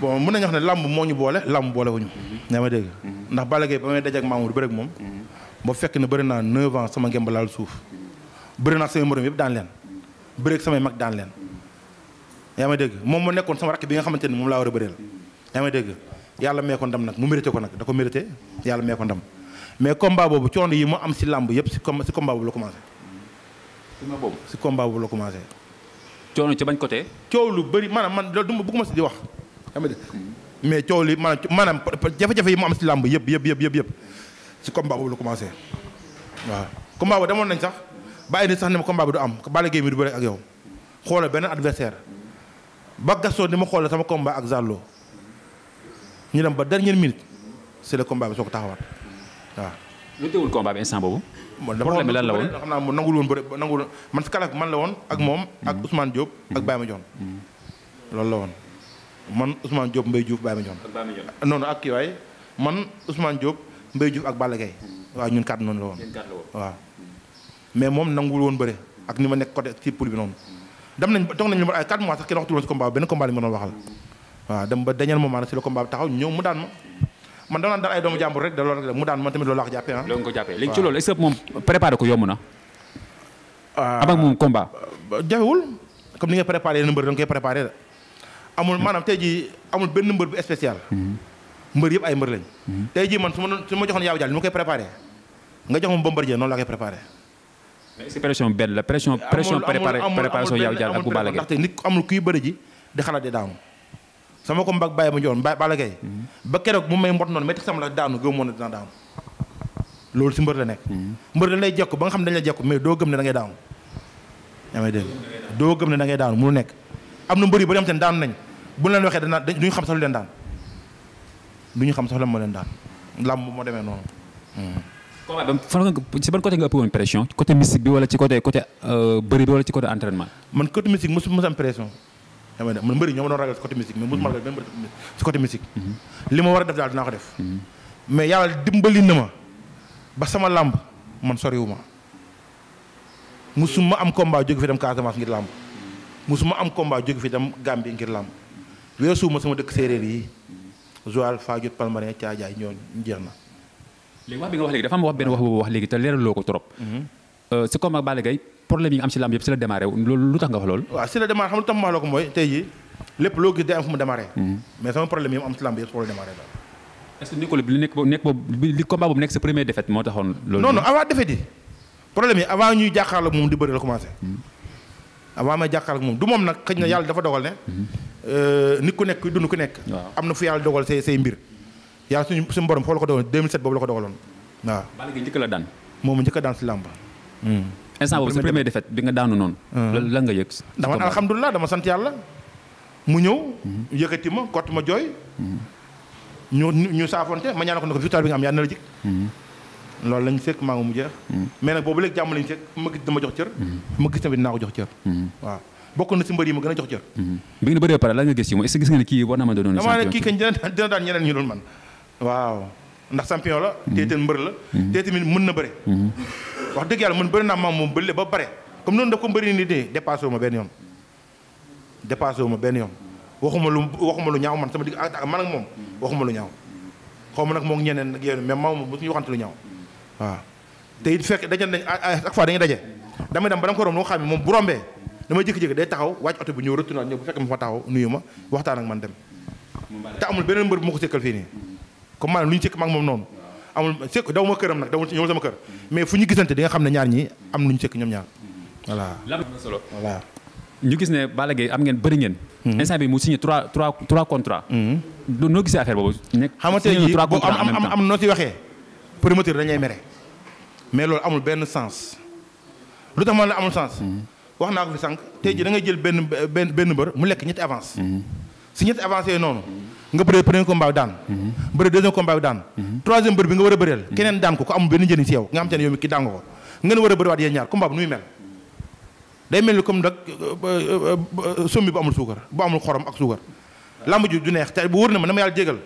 bon mën nañu wax ne làmb moo ñu boole làmb boole wuñu mhm. yaa ma dégg mhm. ndax Balla Gaye ba may daj ak Mamour bëri moom mhm. ba fekk ne bëri naa 9 sama ngemb laal suuf bëri naa samay morom yëpp daan leen bëri ak samay mag daan leen yaa ma dégg moom moo nekkoon sama rakk bi nga xamante ni moom laa war a bëreel yaa ma dégg yàlla mee ko ndam nag mu mérité ko nag da ko mérité yàlla mee ko ndam mais combat boobu coono yi mu am si làmb yëpp si com si combat boobu la commencé si combat la commencé coono ci bañ côté coow lu bëri maanaam man loolu du ma bëgguma di wax xam mais coow li maanaam maanaam jafe-jafe yi mu am si làmb yëpp yëpp yëpp yëpp yëpp si combat boobu la commencé waaw. combat boobu demoon nañ sax ba ni sax ne ma combat bi du am Balla Gaye mi du bëre ak yow xoolal benn adversaire ba Gaston ni ma xoolal sama combat ak Zallo ñu dem ba dernière minute c'est le combat bi soo ko taxawaat waaw. lu boobu. problème bi lan la woon xam naa mu nangul woon bëri nangul man si kàlla man la woon ak moom. ak mm. Ousmane Diop ak mm. Baye Mandione mm. loolu la woon. man Ousmane Diop Mbaye Diouf Baye Mandione. ak Baye Mandione non non ak kii waaye man Ousmane Diop Mbaye Diouf ak Balla Gaye waaw ñun kàddu noonu la woon. ñun kàddu la woon waaw. mais moom nanguwul woon bëre ak ni ma nekk côté ci poul bi noonu. dem nañ ba toog nañ lu ay 4 mois sax kenn waxtu woon si combat benn combat lañ ma doon waxal. waaw dem ba dernier moment nag si combat taxaw ñëw mu daan ma. man dama naan dal ay doomu jàmbur rek da loolu rek mu daan ma tamit loolu laa ko jàppee ah. loolu ko jàppee léegi ci loolu est-ce que moom préparé ko yomb na. am ah. ak moom combat. jafewul comme ni nga préparé yenn mbër da nga koy préparé amul maanaam tey jii amul benn mbër bu spécial. mbër yëpp ay mbër lañ. tey jii man su ma su ma joxoon yaaw jàll ni ma koy préparé nga jox ma Bombardier noonu laa koy préparé. mais si pression benn la pression. pression préparé préparation yaaw jàll ak bu Balla Gaye ndaxte nit amul kuy bëri di xalaat di daanu. sama ko mbag bàyyi ma joxoon Balla Gaye mm-hmm. ba keroog mu may mbot noonu métti sama la daanu gëm woon dina daanu. loolu si mbër la nekk. Mm-hmm. mbër dañ lay jekku ba nga xam dañ lay jekku mais doo gëm ne da ngay daanu. yaa may dégg doo gëm ne da ngay daanu munu nekk am na mbër yu bari am te nañ bu leen waxee danaa duñu xam sax lu leen daan ñu xam sax lan moo leen daan làmb moo demee noonu. combat bi fan nga si ban côté nga ëpp woon pression côté mystique bi wala ci coté côté euh, bëri bi wala ci côté entraînement. man côté mystique mosu mos am pression. dama ne man mbëri ñoo ma mhm. li ma war a def def. Mhm. mais yàlla dimbali na ma ba sama làmb man soriwuma musuma am combat jóge fi dem Casamance ngir làmb musuma am comba jóge fi dem Gambie ngir làmb weesuuma sama dëkk séeréer yi Joal Fadiouth Palmarin Caajaay ñooñu jeex na. léegi wax bi nga wax léegi dafa am wax benn wax boobu wax léegi te leeraloo ko trop. Mhm. Euh, si combat Balla Gaye problème yi nga am si lamb yëpp si la démarré lu tax nga wax loolu. waaw si la démarré xam lu tax ma la ko mooy tey jii lépp loo gis day am fu mu démarré. Mhm. mais sama problème yi am si lamb yëpp foofu la démarré daal. est li nekk boobu li combat boobu nekk sa première défaite moo taxoon. loolu non non avant moom di bëri la commencé. Mhm. avant may jàkkaarloo moom du moom nag xëy na yàlla dafa dogal ne Euh, nit ku nekk dund ku nekk. am na fu yàlla dogal say say mbir. yàlla suñu suñu borom foofu la ko dogal 2007 boobu la ko dogaloon waaw. Balla Gaye njëkk la daan. moom njëkk daan si làmb. Hmm. instant sa première défaite bi nga daanu noonu. Hmm. lan lan nga yëg. dama alhamdulilah dama sant yàlla. mu ñëw. Hmm. yëkkati ma kott ma jooy. ñu ñu saafonte ma ñaanal ko ne victoire bi nga am yaa na la jik loolu lañ sekk maa ngi mu jeex. nag boobu léegi jàmm lañ sekk ma gis dama jox cër. ma gis tamit naa bokk na si mbër yi ma gën a jox jër mhm. bi ngeen bëree pare la nga gis ci moom est la mhm. tey tamit mbër la mhm. tey tamit mën na bëre wax dëgg yàlla mën bëri naa maam moom bële ba bare comme noonu ko mbëri ni dee dépassé wu ma benn yoon dépassé wu ma benn yoon waxuma lu waxuma lu ñaaw man sama digg man ak moom waxuma lu ñaaw xaw ma nag moom ñeneen ak yéen mais maam moom bu ñu waxante lu ñaaw waaw te it fekk daje nañ à chaque daje damay dem ba dama ko romb nga xam ne moom bu rombee damay jékki-jékki day taxaw wàcc oto bi ñëw retourné ñëw bu fekk ma fa taxaw nuyu ma waxtaan ak man dem te amul beneen mbër bu ma ko sëkkal fii nii comme maanaam lu ñu sëkk ma moom noonu amul sëkk daw ma këram nag daw ñëwul sama kër mais fu ñu gisante dinga xam ne ñaar ñi am lu ñu sëkk ñoom ñaar voilà solo voilà ñu gis ne Balla am ngeen bëri ngeen mhm. instant bi mu signé trois trois trois contrats mhm. noo gisee affaire boobu nekk xam nga tey jii boo am am noo ci waxee promoteur dañuy mere mais loolu amul benn sens lu tax man la amul sens mhm. wax naa ko fi sànq tey ji da ngay jël benn benn benn mbër mu lekk ñetti avance si ñetti avance yooyu noonu nga bëree premier combat bi daan bëree deuxième combat bi daan troisième bi nga war a bëreel keneen daan ko ko amul benn njëriñ si yow nga xam te yow mi ki daan nga ko ngeen war a bëriwaat yéen ñaar combat bu nuy mel day mel ni comme nag euh, euh, euh, sommi bu amul suukar bu amul xorom ak suukar lamb ji du neex te bu wër na ma na ma yàlla jégal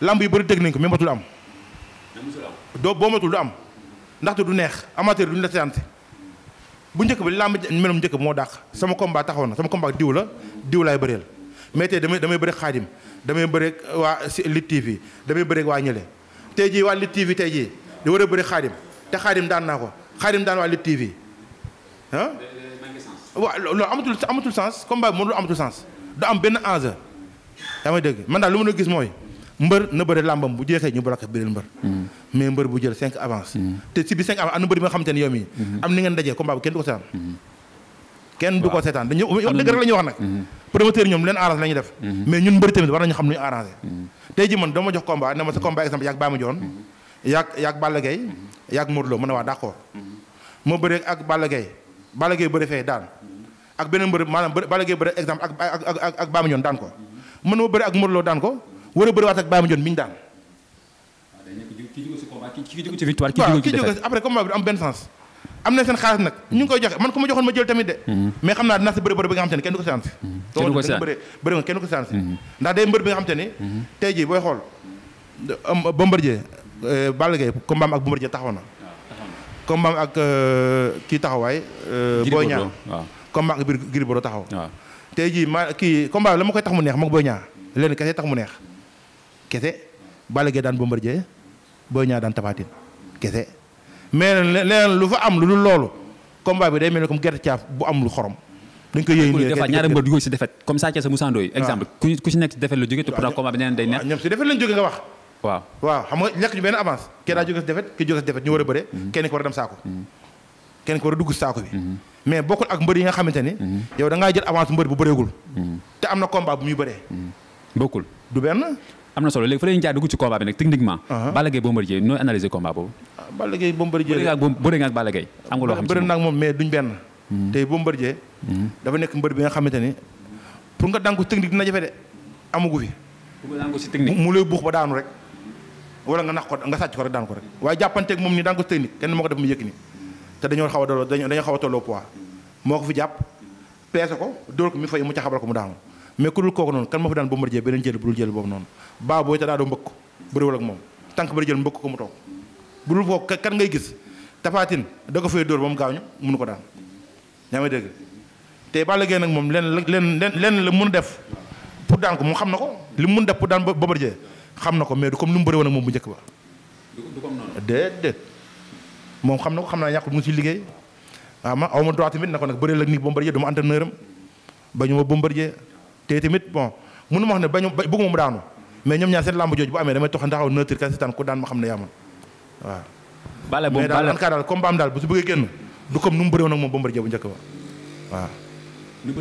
lamb yi bëri teg nañ ko mais matul am doo am ndaxte du neex amateur duñu la séante bu njëkk bi làmb melum njëkk bi moo dàq sama combat taxaw na sama combat diw la diw laay bëreel mais tey damay damay bëri xaadim damay bëri waa Lutte TV damay bëri waa ñële tey jii waa Lutte TV tey jii di war a bëri xaadim te xaadim daan naa ko xaadim daan waa Lutte TV ah loolu amatul amatul sens combat bi moom lu amatul sens du am benn enjeu yaa ma dégg man daal lu mën a gis mooy mbër na bëri làmbam bu jeexee ñu bloqué bëril mbër mm. mais mbër bu jël cinq avance mm. te si bi cinq avance am na mbër yi nga xamante ne yow mii mm-hmm. am ni ngeen dajee combat bi kenn du ko seetaan mm-hmm. kenn du ko seetaan dañu dëgg rek la ñuy wax nag mm-hmm. promoteur ñoom leen arrangé la def mais ñun mbëri tamit war nañu xam lu ñu arrangé tey ji man dama jox combat ne ma sa combat exemple yaag Baama Joon yaag yaag Balla Gaye yaag Modou Lo mën waa d'accord moo bëri ak Balla Gaye Balla Gaye bëri fee daan ak beneen mbër maanaam Balla Gaye bëri exemple ak ak ak Baama Joon daan ko mën moo bëri ak Modou daan ko war a bëriwaat ak Baye Mandione mi ñu daan. waaw ah, ki jóge après combat bi am benn sens. am na seen xaalis nag ñu ngi koy joxe man ku ma joxoon ma jël tamit de. Mhm. mais xam naa dinaa si bëri bëri bi nga xam te kenn du ko si ànd si. ndax day mbër bi nga xam te ne. Mhm. tey jii booy xool. Bombardier euh, Balla Gaye combat am ak Bombardier taxaw na. Ah, combat am ak euh, kii taxawaay. Euh, Boy Niang waaw combat ak biir Gris Bordeaux taxaw. waaw ah. tey jii ma kii combat la ma koy tax mu neex ma ko Boy Niang mhm. leen kese tax mu neex. kese Balla Gaye daan Bombardier lu fa am lu dul loolu bi day mel ni comme gerte caaf bu am lu xorom dañ Sa Thiès Moussa Ndoye ah. exemple ku si nekk si defet la jóge te pourtant combat bi neex ñoom si defet kenn ki war a mhm. ko war a dem saako mhm. dugg si bi mhm. mais bokkul ak mbër yi nga xamante ni yow da ngaa jël avance mbër bu bëreegul te am na combat bu muy bëree bokkul du benn am na solo léegi fa la ñuy jaar dugg ci combat bi nag techniquement. Uh-huh. Balla Gaye Bombardier nooy analyser combat boobu. Ah, Balla Gaye Bombardier bëri nga ak Balla nga ak moom mais duñ benn. Mm-hmm. tey Bombardier. Mm-hmm. dafa nekk mbër bi nga xamante ni pour nga daan ko technique dina jafe de amagu fi. pour si technique mu lay buux ba daanu rek. wala nga nax ko nga sàcc ko rek daan ko rek waaye jàppanteeg moom ni daan ko technique kenn moo ko def mu yëkk ni te dañoo xaw a dañoo xaw a tolloo poids moo ko jàpp peese ko dóor ko fay mu ca xabal ko mu daanu mais ku kooku noonu kan ma fi daan Bombardier beneen jël bu dul jël boobu noonu baa booy ta daa doo mbëkk bëriwul ak moom tànk bëri jël mbëkk ko mu toog bu dul kan ngay gis tafaatin da ko fay dóor ba mu ko daan yaa ngi dégg te nag moom lenn lenn lenn la mun def pour daan ko xam na ko li mun def pour daan Bombardier xam na ko mais comme lu mu bëri woon ak moom bu njëkk ba du xam na xam naa ñàkkul mu ngi liggéey waaw ah, ma aw ma droit tamit na ko nag bëri la nii Bombardier du ma entraîneur ba ñu ma Bombardier te tamit bon mënu ma wax ne bañu bëgguma mu daanu mais ñoom ñaar seen làmb jooju bu amee damay tox ndaxaw neutre ka seetaan ku daan ma xam ne yaa man waaw. bale boobu mais daal ANCAR daal comme baam daal bu su bëggee génn du comme nu mu bëree moom ba waaw. mu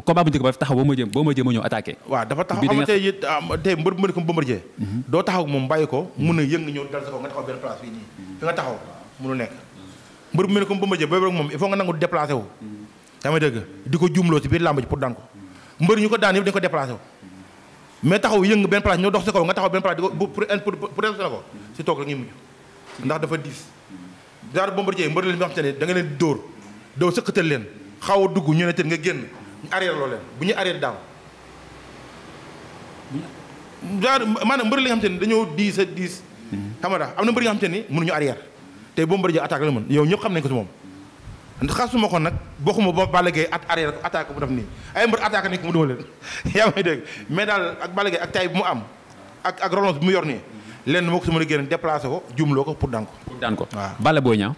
bëree ba taxaw ma jëm boo ma jëm ma ñëw attaqué. waaw dafa nga ah, mhm. taxaw mhm. a yëng ñëw dal munu nekk mbër bu mel comme nga nangu déplacé wu mhm. dëgg di ko juumloo ci biir làmb pour daan ko mbër ñu ko daan yëpp dañ ko déplacé wu mais taxaw yëng benn place ñoo dox sa kaw nga taxaw benn place pour pour def sa ko si toog la ngay mujj ndax dafa diis jaar Bombardier mbër leen bi nga xam ne da nga leen dóor doo sëqatal leen xaw a dugg ñu ne tën nga génn ñu arrière bu ñu arrière daaw genre maanaam mbër li nga xam te ne dañoo diis a diis mm-hmm. xam nga am na mbër yi nga xam te ni mënuñu arrière tey Bombardier attaque la mën yow ñëpp xam nañ ko si moom xasuma ko nag bokkuma ba Balla Gaye at arrière attaque bu def nii ay mbër attaque nekk mu duma leen yaa may dégg mais daal ak Balla Gaye ak taay bu mu am ak ak relance bi mu yor nii lenn moo ko si mën a génn déplacé ko jumloo ko pour daan ko. pour daan ko waaw Balla Boy Niang.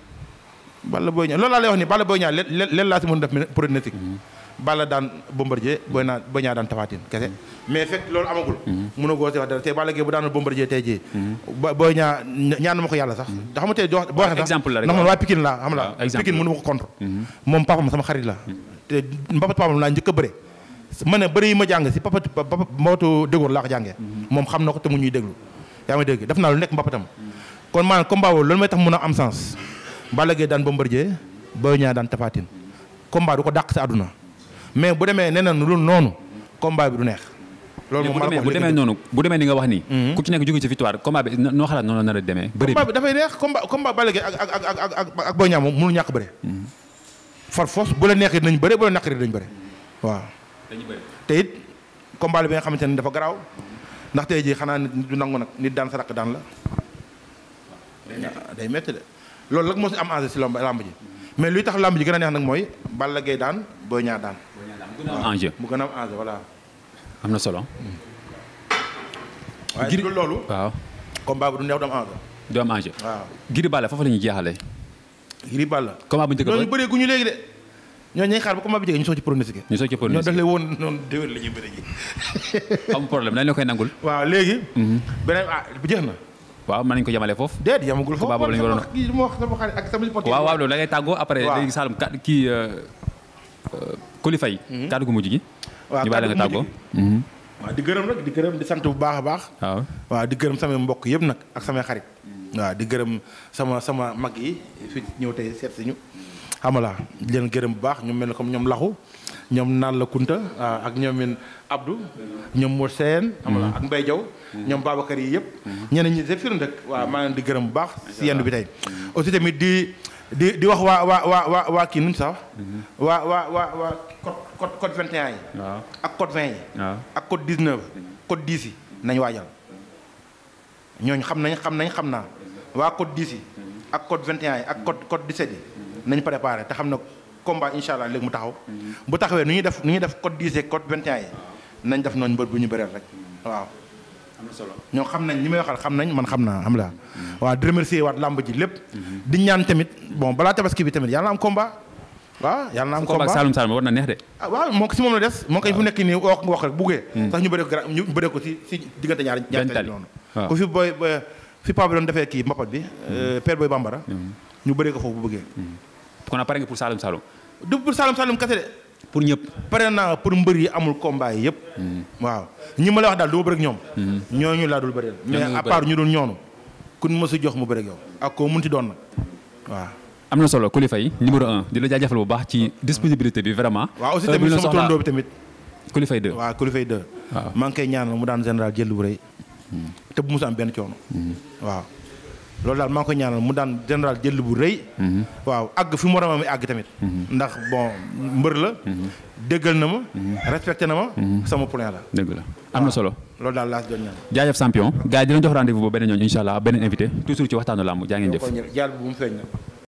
Balla Boy Niang loolu laa lay wax nii Balla Boy Niang lenn laa si mën a def Balla daan Bombardier Boy Niang Boy Niang daan Tapha Tine kese mais fekk loolu amagul mëna goo si wax dara te Balla Gaye bu daanul Bombardier tey jii Boy Niang ñaan ma ko yàlla sax da xam boo waxee sax ndax man waa Pikine laa xam la Pikine mënu ma ko contre mhm. moom papam sama xarit la te mbapat papam laa njëkk a bëre ma ne bëri yi ma jàng si papa papa mbapatu déggoor laa ko jàngee mhm. moom xam na ko te mu ñuy déglu yaa ngi dégg def naa lu nekk mbapatam kon maanaam combat boobu loolu may tax mun a am sens Balla Gaye daan Bombardier Boy Niang daan Tapha Tine combat du ko dàq si àdduna mais bu demee neneen lu noonu combat bi du neex. loolu moom bu demee noonu bu demee ni nga wax nii. Mhm. ku ci nekk jóge ci victoire combat bi noo xalaat noonu la nar a demee. bëri combat bi dafay neex combat combat Balla Gaye ak ak ak ak mhm. far force bu la neexee dinañ bëre bu la naqaree dinañ waaw. dañu bëri te it combat bi nga xamante ne dafa garaaw ndax tey jii xanaa nit du nangu nag nit daan sa rakk daan la. loolu nag moo si am enjeu si làmb mais luy tax làmb ji gën a neex nag mooy Balla Gaye daan Boy Niang daan. mu gën a am enjeu mu gën am enjeu voilà. am na solo. waaye Gris loolu. waaw combat bu du neex du am enjeu. du Balla foofu la ñuy jeexalee. Gris Balla. combat bu njëkk ba loolu bëree léegi de. ñooñu ñooy xaar ba combat bi jege ñu soog ci pronostiqué. ñu soog ci pronostiqué ñoo def la woon noonu déwén la ñuy bëri ji. am problème koy nangul. waaw léegi. Mhm. beneen ah jeex na. waaw mën nañu ko yemale foofu. déet yamagul foofu boobu la ñu a kii ma wax sama xarit ak sama pote. waaw waaw loolu tàggoo après léegi Saloum ka kii euh, euh, Coly Faye. Mhm. mujj gi. waaw kàddu gi ñu bàyyi la nga tàggoo. Mhm. waaw di gërëm rek di gërëm di sant bu baax a baax. waaw di gërëm samay mbokk yëpp nag ak samay xarit. waa di gërëm sama sama mag yi ñëw tey seet si ñu. xam nga leen gërëm bu baax ñu mel ne comme ñoom laxu ñoom naan la Kunta ah, ak ñoom ñoomin abdu ñoom Mor Seen am la ak Mbay Jaw ñoom Babacar yi yëpp ñeneen ñi sëpp dëkk waaw maa leen di gërëm bu baax si yenn bi tey aussi tamit di di di wax waa waa waa waa kiin sax waa waa waa waa code code 21 yi ak code 20 yi ak code 19 code 10 yi nañ waajal ñooñu xam nañ xam nañ xam naa waa code 10 ak code 21 yi ak code code 17 yi nañ te xam na combat incha allah léegi mu taxaw. Mhm. bu taxawee nu ñu def nu ñuy def code 10 code 21 yi. nañ def noonu mbër bu ñu bëreel rek waaw. am na ñoo xam nañ ñi may waxal xam nañ man xam naa xam naa mhm. waaw di remercier waat làmb ji lépp. Mhm. di ñaan tamit bon balaa tabaski bi tamit yàlla am combat. waaw yàlla na am combat Saalum Saalum war na neex de. ah waaw moo ko si moom la des. moo koy fu nekk nii wax nga wax rek buggee. Hmm. sax ñu bëree ko ko si si diggante ñaari. benn tali noonu. ku fi booy fi Paa bi doon defee bi. Hmm. Euh, Père Boy Bambara. Hmm. ñu bëree ko foofu bu bëggee. kon nag pare nga pour Saloum Saloum. du pour Saloum Saloum kese de. pour ñëpp pare naa pour mbër yi amul combat yi yëpp. Mm-hmm. waaw ñi ma la wax daal du ma bëri ak ñoom. Mm-hmm. ñooñu laa dul bëri mais à ñu doon ñoonu. kun ma si jox mu bëri yow ak koo munti doon nag waaw. am na solo Coly Faye numéro un di la jaajëfal bu baax ci disponibilité bi vraiment. waa aussi euh, tamit sama turandoo bi tamit. kulifay Faye waa waaw Coly Faye 2. ñaanal mu daan général jël bu rëy. Mm-hmm. te bu mu am benn coono. waaw. loolu daal maa ngi ñaanal mu daan général jël bu rëy. Mhm. waaw fu àgg fi moromam àgg tamit. Mhm. ndax bon mbër la. Mhm. déggal na ma. respecté na ma. sama point la. dëgg la am na solo. loolu daal laa si doon ñaan. jaajëf champion gars yi dinañ jox rendez vous ba beneen bu mu feeñ na.